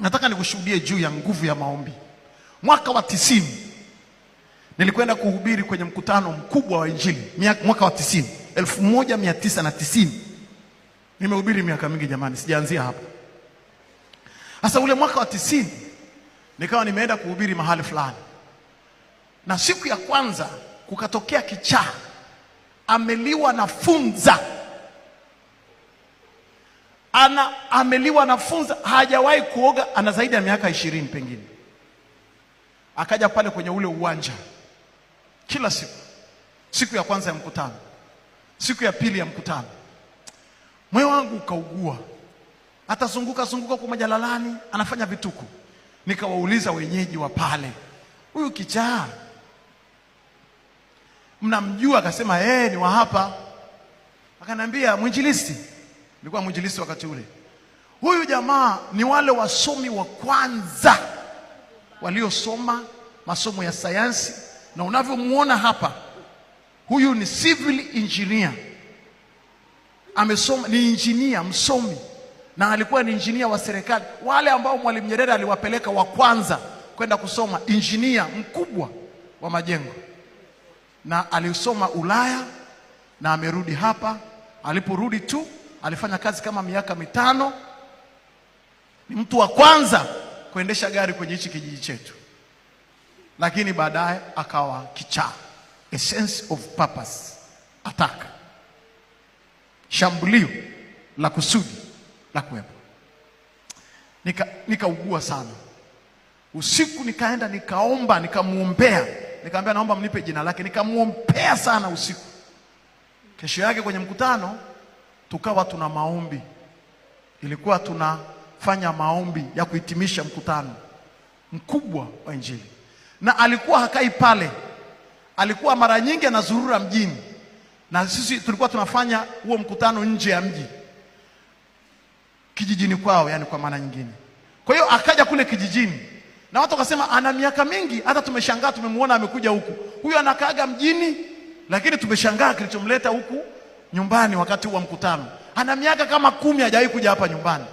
Nataka nikushuhudie juu ya nguvu ya maombi. Mwaka wa tisini nilikwenda kuhubiri kwenye mkutano mkubwa wa Injili mwaka wa tisini, elfu moja mia tisa na tisini. Nimehubiri miaka mingi jamani, sijaanzia hapa. Sasa ule mwaka wa tisini nikawa nimeenda kuhubiri mahali fulani, na siku ya kwanza kukatokea kichaa ameliwa na funza ana ameliwa nafunza hajawahi kuoga, ana zaidi ya miaka ishirini pengine. Akaja pale kwenye ule uwanja kila siku, siku ya kwanza ya mkutano, siku ya pili ya mkutano, moyo wangu ukaugua, atazunguka zunguka kwa majalalani, anafanya vituko. Nikawauliza wenyeji wa pale, huyu kichaa mnamjua? Akasema ee, ni wa hapa. Akaniambia mwinjilisti nilikuwa mwinjilisi wakati ule. Huyu jamaa ni wale wasomi wa kwanza waliosoma masomo ya sayansi, na unavyomwona hapa, huyu ni civil engineer, amesoma ni injinia msomi, na alikuwa ni injinia wa serikali, wale ambao Mwalimu Nyerere aliwapeleka wa kwanza kwenda kusoma, injinia mkubwa wa majengo, na alisoma Ulaya na amerudi hapa. Aliporudi tu alifanya kazi kama miaka mitano. Ni mtu wa kwanza kuendesha gari kwenye hichi kijiji chetu, lakini baadaye akawa kichaa. A sense of purpose attack, shambulio la kusudi la kuwepo. Nikaugua nika sana usiku, nikaenda nikaomba, nikamwombea, nikamwambia naomba mnipe jina lake. Nikamwombea sana usiku. Kesho yake kwenye mkutano tukawa tuna maombi, ilikuwa tunafanya maombi ya kuhitimisha mkutano mkubwa wa Injili, na alikuwa hakai pale, alikuwa mara nyingi anazurura mjini, na sisi tulikuwa tunafanya huo mkutano nje ya mji kijijini kwao, yani kwa maana nyingine. Kwa hiyo akaja kule kijijini na watu wakasema ana miaka mingi, hata tumeshangaa, tumemwona amekuja huku. Huyu anakaaga mjini, lakini tumeshangaa kilichomleta huku nyumbani wakati wa mkutano. Ana miaka kama kumi hajawahi kuja hapa nyumbani,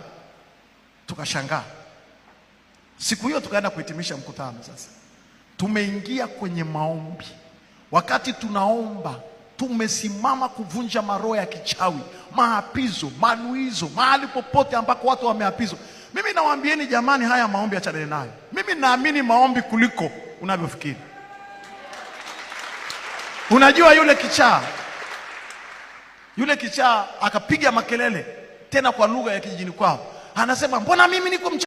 tukashangaa. Siku hiyo tukaenda kuhitimisha mkutano. Sasa tumeingia kwenye maombi, wakati tunaomba tumesimama kuvunja maroho ya kichawi, maapizo, manuizo, mahali popote ambako watu wameapizwa. Mimi nawaambieni jamani, haya maombi achane nayo. Mimi naamini maombi kuliko unavyofikiri. Unajua yule kichaa yule kichaa akapiga makelele tena kwa lugha ya kijijini kwao, anasema mbona mimi niko